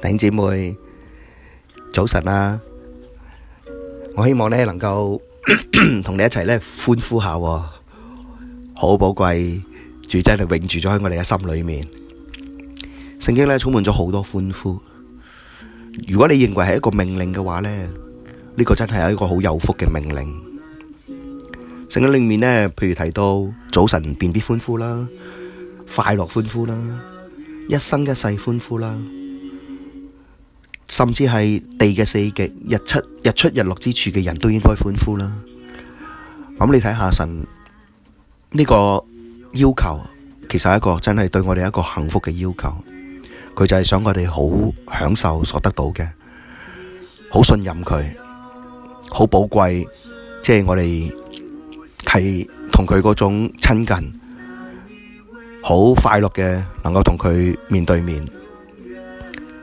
弟兄姊妹，早晨啦、啊！我希望呢能夠同你一齊呢歡呼下、啊，好寶貴主真係永住咗喺我哋嘅心裏面。聖經呢充滿咗好多歡呼。如果你認為係一個命令嘅話呢，呢、這個真係一個好有福嘅命令。聖經裏面呢，譬如提到早晨便必歡呼啦，快樂歡呼啦，一生一世歡呼啦。甚至係地嘅四極、日出、日出日落之處嘅人都應該歡呼啦。咁、嗯、你睇下神呢、這個要求，其實係一個真係對我哋一個幸福嘅要求。佢就係想我哋好享受所得到嘅，好信任佢，好寶貴，即、就、係、是、我哋係同佢嗰種親近，好快樂嘅，能夠同佢面對面。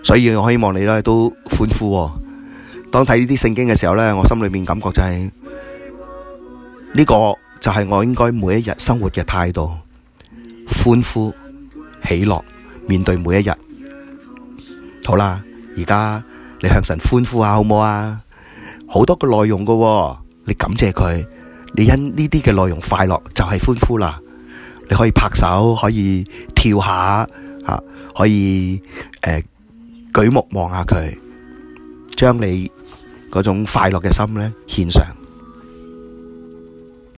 所以我希望你咧都歡呼、哦。當睇呢啲聖經嘅時候咧，我心裏面感覺就係、是、呢、這個就係我應該每一日生活嘅態度，歡呼喜樂，面對每一日。好啦，而家你向神歡呼下，好唔好啊？好多嘅內容噶、哦，你感謝佢，你因呢啲嘅內容快樂就係、是、歡呼啦。你可以拍手，可以跳下吓、啊，可以誒。呃舉目望下佢，將你嗰種快樂嘅心咧獻上。